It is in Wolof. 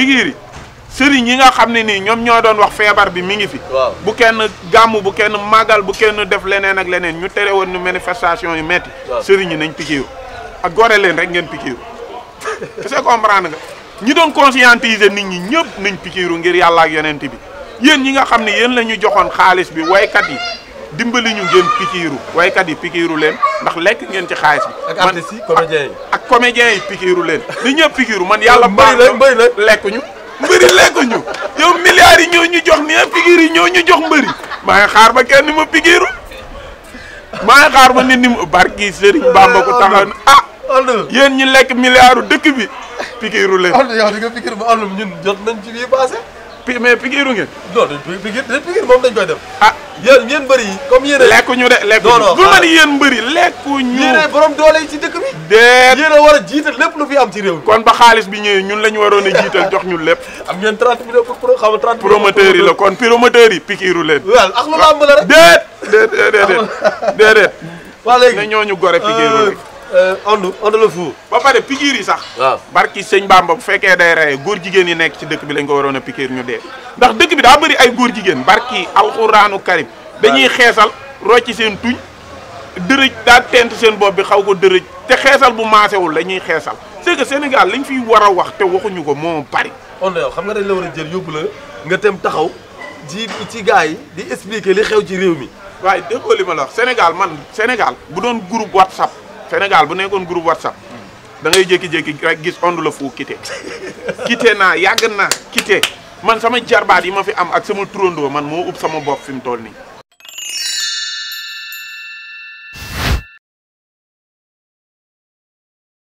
pikiir yi sëriñ yi nga xam ne nii ñoom ñoo doon wax feebar bi mi ngi fi. bu kenn gàmm bu kenn màggal bu kenn def leneen ak leneen ñu tere woon ñu manifestation yu metti sëriñ yi nañ pikiiru ak gore leen rek ngeen pikiiru est-ce que comprendre ñi doon conscientiser nit ñi ñëpp nañ pikiiru ngir yàlla ak yonent bi yéen ñi nga xam ne yéen la ñu joxoon xaalis bi waykat yi. dimbali ñu ngeen pikiiru waykat yi pikiiru leen ndax lekk ngeen ci xaalis bi. ak artistes yi ak comédiens yi pikiiru leen li ñëpp pikiiru man yàlla. mbëri la mbëri lekk ñu. mbëri lekk ñu yow milliards yi ñoo ñu jox nii pikiir yi ñoo ñu jox mbëri maa ngi xaar ba kenn ma pikiiru maa ngi xaar ba nit ni mu barki Serigne Bamba ko taxaw ne a ah, yéen ñi lekk milliardu dëkk bi pikiiru leen. pi mais pigiru ngeen. non pigir pigir dañ koy def. ah comme yéen a. lekkuñu de lekkuñu non non bu ma ni yéen mbëri lekkuñu. yéen borom doole ci dëkk war a lépp lu fi am ci réew mi. kon ba xaalis bi ñëwee ñun la ñu waroon a jiital jox ñu lépp. am ngeen 30 millions pour pro xam nga 30 promoteurs yi la kon promoteurs yi pigiru leen. waaw ak lu lamb la rek. déet déet déet déet ond euh, ond la fu ba pare pikiir yi sax waaw barki sëñ baam ba bu fekkee day rey góor jigéen yi nekk ci dëkk bi lañ ko waroon a pikiir ñu dee ndax dëkk bi daa bari ay góor jigéen barki alxuraanu karim dañuy xeesal rocci seen tuñ dërëj daa tent seen bopp bi xaw ko dërëj te xeesal bu maasewul la ñuy xeesal c'est que Sénégal lañ fi war a wax te waxuñu ko moom bari ond yow xam nga dañ la war a jël yóbbu la nga tem taxaw ci ci gars yi di expliquer li xew ci réew mi waaye déggoo li ma la wax Sénégal man Sénégal bu doon groupe WhatsApp Sénégal bu nekkoon groupe WhatsApp da ngay jékki-jékki rek gis Onde Le Fou quitté quitté naa yàgg naa quitté man sama jarbaat yi ma fi am ak sama turandoo man moo ub sama bopp fi mu toll nii